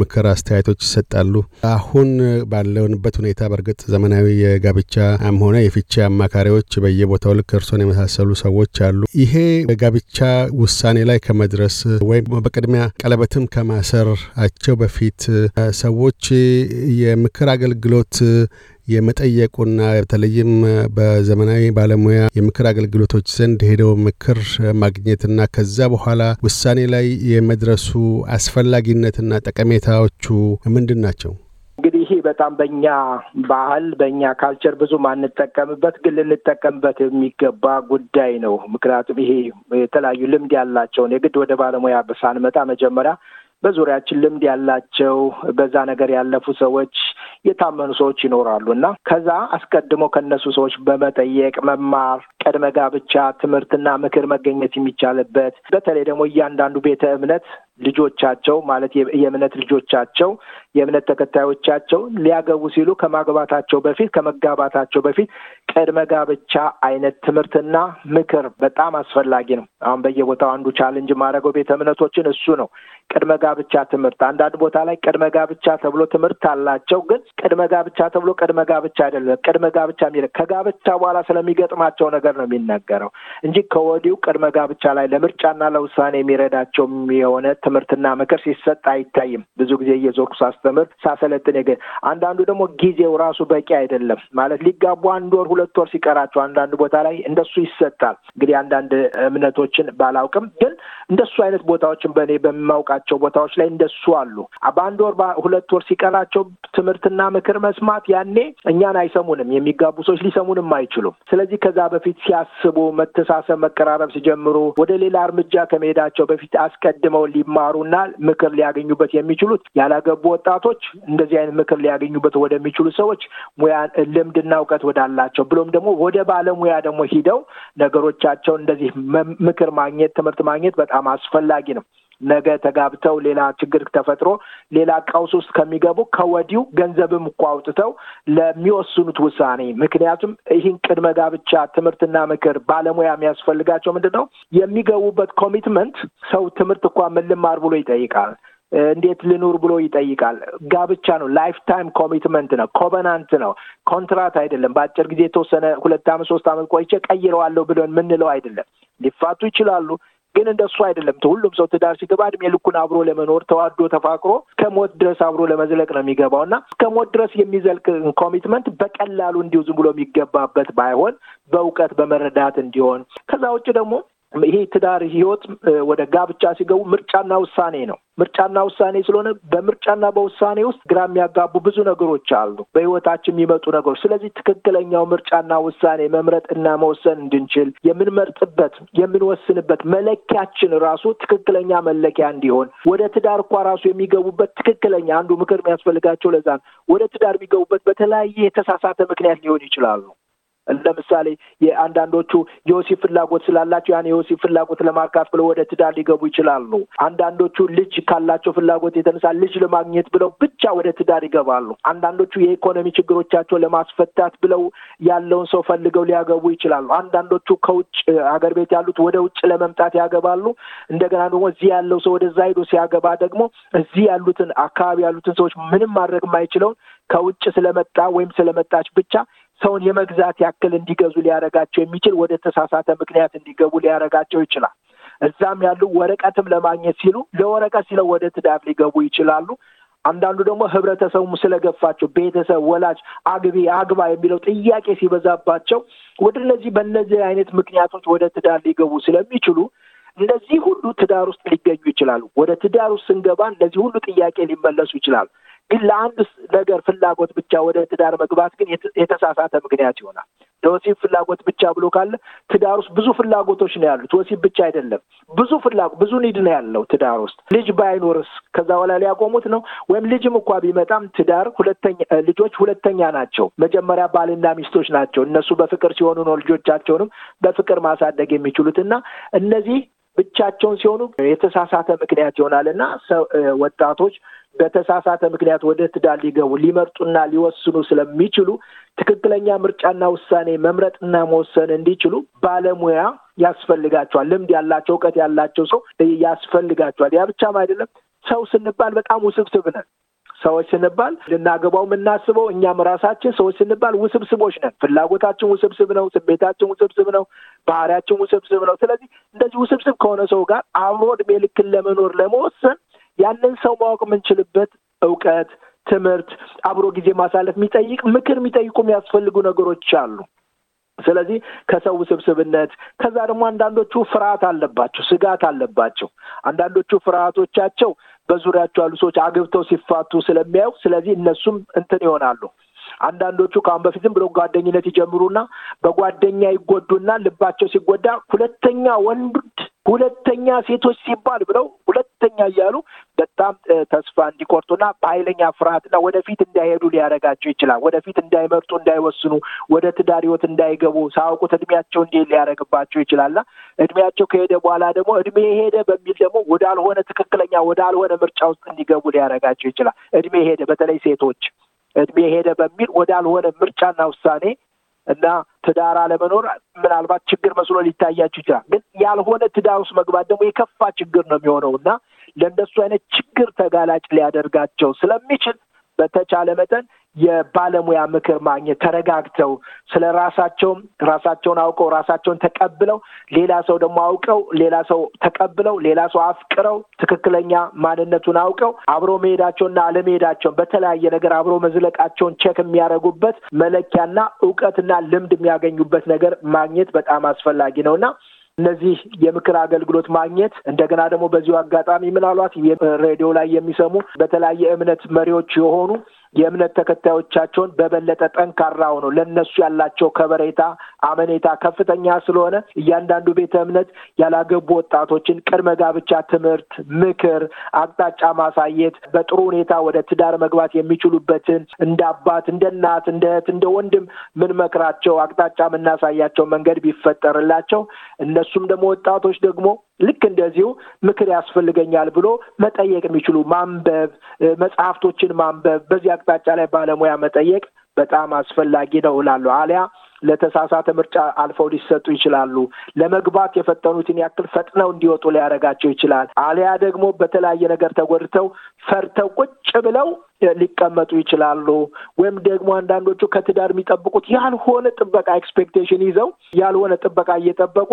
ምክር አስተያየቶች ይሰጣሉ። አሁን ባለንበት ሁኔታ በእርግጥ ዘመናዊ የጋብቻም ሆነ የፍቺ አማካሪዎች በየቦታው ልክ እርሶን የመሳሰሉ ሰዎች አሉ። ይሄ ጋብቻ ውሳኔ ላይ ከመድረስ ወይም በቅድሚያ ቀለበትም ከማሰራቸው በፊት ሰዎች የምክር አገልግሎት የመጠየቁና በተለይም በዘመናዊ ባለሙያ የምክር አገልግሎቶች ዘንድ ሄደው ምክር ማግኘትና ከዛ በኋላ ውሳኔ ላይ የመድረሱ አስፈላጊነትና ጠቀሜታዎቹ ምንድን ናቸው? እንግዲህ ይሄ በጣም በእኛ ባህል በእኛ ካልቸር ብዙ ማንጠቀምበት ግን ልንጠቀምበት የሚገባ ጉዳይ ነው። ምክንያቱም ይሄ የተለያዩ ልምድ ያላቸውን የግድ ወደ ባለሙያ ሳንመጣ መጀመሪያ በዙሪያችን ልምድ ያላቸው በዛ ነገር ያለፉ ሰዎች የታመኑ ሰዎች ይኖራሉ እና ከዛ አስቀድሞ ከነሱ ሰዎች በመጠየቅ መማር፣ ቅድመ ጋብቻ ትምህርትና ምክር መገኘት የሚቻልበት በተለይ ደግሞ እያንዳንዱ ቤተ እምነት ልጆቻቸው ማለት የእምነት ልጆቻቸው የእምነት ተከታዮቻቸው ሊያገቡ ሲሉ ከማግባታቸው በፊት ከመጋባታቸው በፊት ቅድመ ጋብቻ አይነት ትምህርትና ምክር በጣም አስፈላጊ ነው። አሁን በየቦታው አንዱ ቻለንጅ ማድረገው ቤተ እምነቶችን እሱ ነው። ቅድመ ጋብቻ ትምህርት አንዳንድ ቦታ ላይ ቅድመ ጋብቻ ተብሎ ትምህርት አላቸው። ግን ቅድመ ጋብቻ ተብሎ ቅድመ ጋብቻ አይደለም። ቅድመ ጋብቻ የሚለ ከጋብቻ በኋላ ስለሚገጥማቸው ነገር ነው የሚነገረው እንጂ ከወዲሁ ቅድመ ጋብቻ ላይ ለምርጫና ለውሳኔ የሚረዳቸው የሆነ ትምህርትና ምክር ሲሰጥ አይታይም። ብዙ ጊዜ እየዞርኩ ሳስተምር ሳሰለጥን የገ አንዳንዱ ደግሞ ጊዜው ራሱ በቂ አይደለም ማለት ሊጋቡ አንድ ወር ሁለት ወር ሲቀራቸው አንዳንድ ቦታ ላይ እንደሱ ይሰጣል። እንግዲህ አንዳንድ እምነቶችን ባላውቅም ግን እንደሱ አይነት ቦታዎችን በእኔ በማውቃቸው ቦታዎች ላይ እንደሱ አሉ። በአንድ ወር ሁለት ወር ሲቀራቸው ትምህርትና ምክር መስማት ያኔ እኛን አይሰሙንም። የሚጋቡ ሰዎች ሊሰሙንም አይችሉም። ስለዚህ ከዛ በፊት ሲያስቡ መተሳሰብ፣ መቀራረብ ሲጀምሩ ወደ ሌላ እርምጃ ከመሄዳቸው በፊት አስቀድመው ሊማ ሊማሩና ምክር ሊያገኙበት የሚችሉት ያላገቡ ወጣቶች እንደዚህ አይነት ምክር ሊያገኙበት ወደሚችሉ ሰዎች ሙያ ልምድና እውቀት ወዳላቸው ብሎም ደግሞ ወደ ባለሙያ ደግሞ ሂደው ነገሮቻቸውን እንደዚህ ምክር ማግኘት ትምህርት ማግኘት በጣም አስፈላጊ ነው። ነገ ተጋብተው ሌላ ችግር ተፈጥሮ ሌላ ቀውስ ውስጥ ከሚገቡ ከወዲሁ ገንዘብም እኮ አውጥተው ለሚወስኑት ውሳኔ ምክንያቱም ይህን ቅድመ ጋብቻ ትምህርትና ምክር ባለሙያ የሚያስፈልጋቸው ምንድን ነው የሚገቡበት ኮሚትመንት ሰው ትምህርት እኳ ምን ልማር ብሎ ይጠይቃል እንዴት ልኑር ብሎ ይጠይቃል። ጋብቻ ነው። ላይፍ ታይም ኮሚትመንት ነው። ኮቨናንት ነው። ኮንትራት አይደለም። በአጭር ጊዜ የተወሰነ ሁለት አመት ሶስት ዓመት ቆይቼ ቀይረዋለሁ ብለን የምንለው አይደለም። ሊፋቱ ይችላሉ። ግን እንደሱ አይደለም። ሁሉም ሰው ትዳር ሲገባ እድሜ ልኩን አብሮ ለመኖር ተዋዶ ተፋቅሮ ከሞት ድረስ አብሮ ለመዝለቅ ነው የሚገባው እና እስከ ሞት ድረስ የሚዘልቅ ኮሚትመንት በቀላሉ እንዲሁ ዝም ብሎ የሚገባበት ባይሆን በእውቀት በመረዳት እንዲሆን ከዛ ውጭ ደግሞ ይሄ ትዳር ህይወት ወደ ጋብቻ ሲገቡ ምርጫና ውሳኔ ነው። ምርጫና ውሳኔ ስለሆነ በምርጫና በውሳኔ ውስጥ ግራ የሚያጋቡ ብዙ ነገሮች አሉ፣ በህይወታችን የሚመጡ ነገሮች። ስለዚህ ትክክለኛው ምርጫና ውሳኔ መምረጥ እና መወሰን እንድንችል የምንመርጥበት የምንወስንበት መለኪያችን ራሱ ትክክለኛ መለኪያ እንዲሆን ወደ ትዳር እኳ ራሱ የሚገቡበት ትክክለኛ አንዱ ምክር የሚያስፈልጋቸው ለዛ ወደ ትዳር የሚገቡበት በተለያየ የተሳሳተ ምክንያት ሊሆን ይችላሉ። ለምሳሌ የአንዳንዶቹ የወሲብ ፍላጎት ስላላቸው ያን የወሲብ ፍላጎት ለማርካት ብለው ወደ ትዳር ሊገቡ ይችላሉ። አንዳንዶቹ ልጅ ካላቸው ፍላጎት የተነሳ ልጅ ለማግኘት ብለው ብቻ ወደ ትዳር ይገባሉ። አንዳንዶቹ የኢኮኖሚ ችግሮቻቸው ለማስፈታት ብለው ያለውን ሰው ፈልገው ሊያገቡ ይችላሉ። አንዳንዶቹ ከውጭ ሀገር ቤት ያሉት ወደ ውጭ ለመምጣት ያገባሉ። እንደገና ደግሞ እዚህ ያለው ሰው ወደዛ ሄዶ ሲያገባ ደግሞ እዚህ ያሉትን አካባቢ ያሉትን ሰዎች ምንም ማድረግ የማይችለውን ከውጭ ስለመጣ ወይም ስለመጣች ብቻ ሰውን የመግዛት ያክል እንዲገዙ ሊያደርጋቸው የሚችል ወደ ተሳሳተ ምክንያት እንዲገቡ ሊያደርጋቸው ይችላል። እዛም ያሉ ወረቀትም ለማግኘት ሲሉ ለወረቀት ሲለው ወደ ትዳር ሊገቡ ይችላሉ። አንዳንዱ ደግሞ ህብረተሰቡም ስለገፋቸው ቤተሰብ፣ ወላጅ አግቢ አግባ የሚለው ጥያቄ ሲበዛባቸው ወደ እነዚህ በእነዚህ አይነት ምክንያቶች ወደ ትዳር ሊገቡ ስለሚችሉ እነዚህ ሁሉ ትዳር ውስጥ ሊገኙ ይችላሉ። ወደ ትዳር ውስጥ ስንገባ እነዚህ ሁሉ ጥያቄ ሊመለሱ ይችላሉ። ግን ለአንድ ነገር ፍላጎት ብቻ ወደ ትዳር መግባት ግን የተሳሳተ ምክንያት ይሆናል። ለወሲብ ፍላጎት ብቻ ብሎ ካለ ትዳር ውስጥ ብዙ ፍላጎቶች ነው ያሉት። ወሲብ ብቻ አይደለም፣ ብዙ ፍላጎት ብዙ ኒድ ነው ያለው ትዳር ውስጥ። ልጅ ባይኖርስ ከዛ በኋላ ሊያቆሙት ነው? ወይም ልጅም እንኳ ቢመጣም ትዳር ሁለተኛ ልጆች ሁለተኛ ናቸው። መጀመሪያ ባልና ሚስቶች ናቸው። እነሱ በፍቅር ሲሆኑ ነው ልጆቻቸውንም በፍቅር ማሳደግ የሚችሉት እና እነዚህ ብቻቸውን ሲሆኑ የተሳሳተ ምክንያት ይሆናል እና ወጣቶች በተሳሳተ ምክንያት ወደ ትዳር ሊገቡ ሊመርጡና ሊወስኑ ስለሚችሉ ትክክለኛ ምርጫና ውሳኔ መምረጥና መወሰን እንዲችሉ ባለሙያ ያስፈልጋቸዋል። ልምድ ያላቸው እውቀት ያላቸው ሰው ያስፈልጋቸዋል። ያ ብቻም አይደለም። ሰው ስንባል በጣም ውስብስብ ነን። ሰዎች ስንባል ልናገባው የምናስበው እኛም ራሳችን ሰዎች ስንባል ውስብስቦች ነን። ፍላጎታችን ውስብስብ ነው። ስሜታችን ውስብስብ ነው። ባህሪያችን ውስብስብ ነው። ስለዚህ እንደዚህ ውስብስብ ከሆነ ሰው ጋር አብሮ እድሜ ልክን ለመኖር ለመወሰን ያንን ሰው ማወቅ የምንችልበት እውቀት፣ ትምህርት፣ አብሮ ጊዜ ማሳለፍ የሚጠይቅ ምክር የሚጠይቁ የሚያስፈልጉ ነገሮች አሉ። ስለዚህ ከሰው ስብስብነት ከዛ ደግሞ አንዳንዶቹ ፍርሃት አለባቸው፣ ስጋት አለባቸው። አንዳንዶቹ ፍርሃቶቻቸው በዙሪያቸው ያሉ ሰዎች አግብተው ሲፋቱ ስለሚያዩ ስለዚህ እነሱም እንትን ይሆናሉ። አንዳንዶቹ ከአሁን በፊት ብሎ ጓደኝነት ይጀምሩና በጓደኛ ይጎዱና ልባቸው ሲጎዳ ሁለተኛ ወንድ ሁለተኛ ሴቶች ሲባል ብለው ሁለተኛ እያሉ በጣም ተስፋ እንዲቆርጡና በኃይለኛ ፍርሃትና ወደፊት እንዳይሄዱ ሊያደርጋቸው ይችላል። ወደፊት እንዳይመርጡ፣ እንዳይወስኑ፣ ወደ ትዳር ህይወት እንዳይገቡ ሳያውቁት እድሜያቸው እንዲ ሊያደርግባቸው ይችላልና እድሜያቸው ከሄደ በኋላ ደግሞ እድሜ ሄደ በሚል ደግሞ ወዳልሆነ ትክክለኛ ወዳልሆነ ምርጫ ውስጥ እንዲገቡ ሊያደርጋቸው ይችላል። እድሜ ሄደ በተለይ ሴቶች እድሜ ሄደ በሚል ወዳልሆነ ምርጫና ውሳኔ እና ትዳር አለመኖር ምናልባት ችግር መስሎ ሊታያችሁ ይችላል። ግን ያልሆነ ትዳር ውስጥ መግባት ደግሞ የከፋ ችግር ነው የሚሆነው እና ለእንደሱ አይነት ችግር ተጋላጭ ሊያደርጋቸው ስለሚችል በተቻለ መጠን የባለሙያ ምክር ማግኘት ተረጋግተው ስለ ራሳቸውም ራሳቸውን አውቀው ራሳቸውን ተቀብለው ሌላ ሰው ደግሞ አውቀው ሌላ ሰው ተቀብለው ሌላ ሰው አፍቅረው ትክክለኛ ማንነቱን አውቀው አብሮ መሄዳቸውና አለመሄዳቸውን በተለያየ ነገር አብሮ መዝለቃቸውን ቼክ የሚያደርጉበት መለኪያና እውቀትና ልምድ የሚያገኙበት ነገር ማግኘት በጣም አስፈላጊ ነው እና እነዚህ የምክር አገልግሎት ማግኘት እንደገና ደግሞ በዚሁ አጋጣሚ ምናልባት ሬዲዮ ላይ የሚሰሙ በተለያየ እምነት መሪዎች የሆኑ የእምነት ተከታዮቻቸውን በበለጠ ጠንካራ ሆኖ ለእነሱ ያላቸው ከበሬታ አመኔታ ከፍተኛ ስለሆነ እያንዳንዱ ቤተ እምነት ያላገቡ ወጣቶችን ቅድመ ጋብቻ ትምህርት፣ ምክር፣ አቅጣጫ ማሳየት በጥሩ ሁኔታ ወደ ትዳር መግባት የሚችሉበትን እንደ አባት፣ እንደ እናት፣ እንደ እህት፣ እንደ ወንድም ምን መክራቸው አቅጣጫ የምናሳያቸው መንገድ ቢፈጠርላቸው እነሱም ደግሞ ወጣቶች ደግሞ ልክ እንደዚሁ ምክር ያስፈልገኛል ብሎ መጠየቅ የሚችሉ ማንበብ፣ መጽሐፍቶችን ማንበብ፣ በዚህ አቅጣጫ ላይ ባለሙያ መጠየቅ በጣም አስፈላጊ ነው እላለሁ። አሊያ ለተሳሳተ ምርጫ አልፈው ሊሰጡ ይችላሉ። ለመግባት የፈጠኑትን ያክል ፈጥነው እንዲወጡ ሊያደርጋቸው ይችላል። አሊያ ደግሞ በተለያየ ነገር ተጎድተው ፈርተው ቁጭ ብለው ሊቀመጡ ይችላሉ። ወይም ደግሞ አንዳንዶቹ ከትዳር የሚጠብቁት ያልሆነ ጥበቃ ኤክስፔክቴሽን ይዘው ያልሆነ ጥበቃ እየጠበቁ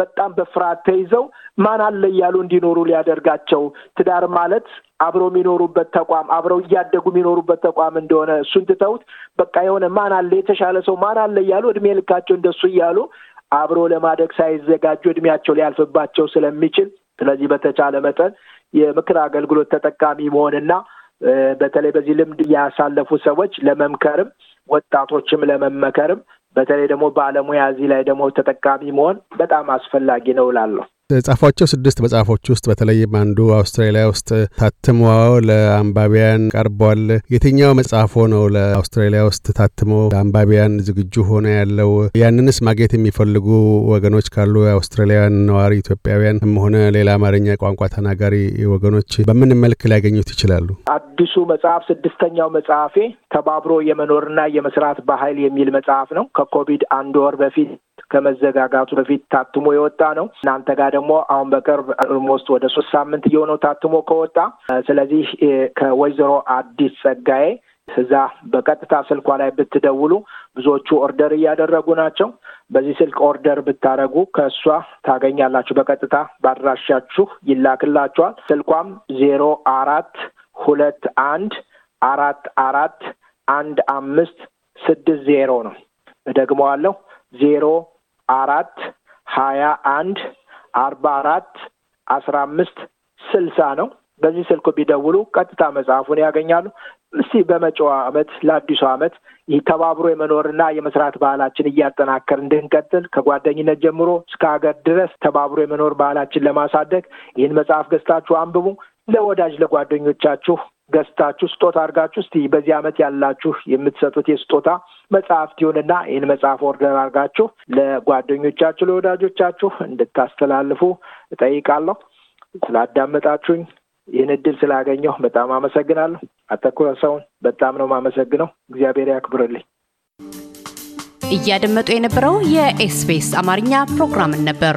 በጣም በፍርሃት ተይዘው ማን አለ እያሉ እንዲኖሩ ሊያደርጋቸው ትዳር ማለት አብረው የሚኖሩበት ተቋም አብረው እያደጉ የሚኖሩበት ተቋም እንደሆነ እሱን ትተውት በቃ የሆነ ማን አለ የተሻለ ሰው ማን አለ እያሉ እድሜ ልካቸው እንደሱ እያሉ አብሮ ለማደግ ሳይዘጋጁ እድሜያቸው ሊያልፍባቸው ስለሚችል ስለዚህ በተቻለ መጠን የምክር አገልግሎት ተጠቃሚ መሆንና በተለይ በዚህ ልምድ ያሳለፉ ሰዎች ለመምከርም ወጣቶችም ለመመከርም በተለይ ደግሞ ባለሙያ እዚህ ላይ ደግሞ ተጠቃሚ መሆን በጣም አስፈላጊ ነው እላለሁ። የጻፏቸው ስድስት መጽሐፎች ውስጥ በተለይም አንዱ አውስትራሊያ ውስጥ ታትሞ ለአንባቢያን ቀርቧል። የትኛው መጽሐፎ ነው ለአውስትራሊያ ውስጥ ታትሞ ለአንባቢያን ዝግጁ ሆነ ያለው? ያንንስ ማግኘት የሚፈልጉ ወገኖች ካሉ የአውስትራሊያን ነዋሪ ኢትዮጵያውያንም ሆነ ሌላ አማርኛ ቋንቋ ተናጋሪ ወገኖች በምን መልክ ሊያገኙት ይችላሉ? አዲሱ መጽሐፍ ስድስተኛው መጽሐፌ ተባብሮ የመኖርና የመስራት ባህል የሚል መጽሐፍ ነው። ከኮቪድ አንድ ወር በፊት ከመዘጋጋቱ በፊት ታትሞ የወጣ ነው። እናንተ ጋር ደግሞ አሁን በቅርብ ኦልሞስት ወደ ሶስት ሳምንት እየሆነው ታትሞ ከወጣ ስለዚህ ከወይዘሮ አዲስ ጸጋዬ እዛ በቀጥታ ስልኳ ላይ ብትደውሉ ብዙዎቹ ኦርደር እያደረጉ ናቸው። በዚህ ስልክ ኦርደር ብታደረጉ ከእሷ ታገኛላችሁ። በቀጥታ ባድራሻችሁ ይላክላችኋል። ስልኳም ዜሮ አራት ሁለት አንድ አራት አራት አንድ አምስት ስድስት ዜሮ ነው። እደግመዋለሁ ዜሮ አራት ሀያ አንድ አርባ አራት አስራ አምስት ስልሳ ነው። በዚህ ስልክ ቢደውሉ ቀጥታ መጽሐፉን ያገኛሉ። እስቲ በመጪው ዓመት ለአዲሱ ዓመት ይህ ተባብሮ የመኖርና የመስራት ባህላችን እያጠናከር እንድንቀጥል ከጓደኝነት ጀምሮ እስከ ሀገር ድረስ ተባብሮ የመኖር ባህላችን ለማሳደግ ይህን መጽሐፍ ገዝታችሁ አንብቡ። ለወዳጅ ለጓደኞቻችሁ ገዝታችሁ ስጦታ አድርጋችሁ እስቲ በዚህ ዓመት ያላችሁ የምትሰጡት የስጦታ መጽሐፍት ይሁንና ይህን መጽሐፍ ኦርደር አድርጋችሁ ለጓደኞቻችሁ፣ ለወዳጆቻችሁ እንድታስተላልፉ እጠይቃለሁ። ስላዳመጣችሁኝ ይህን እድል ስላገኘሁ በጣም አመሰግናለሁ። አተኩረ ሰውን በጣም ነው የማመሰግነው። እግዚአብሔር ያክብርልኝ። እያደመጡ የነበረው የኤስቢኤስ አማርኛ ፕሮግራምን ነበር።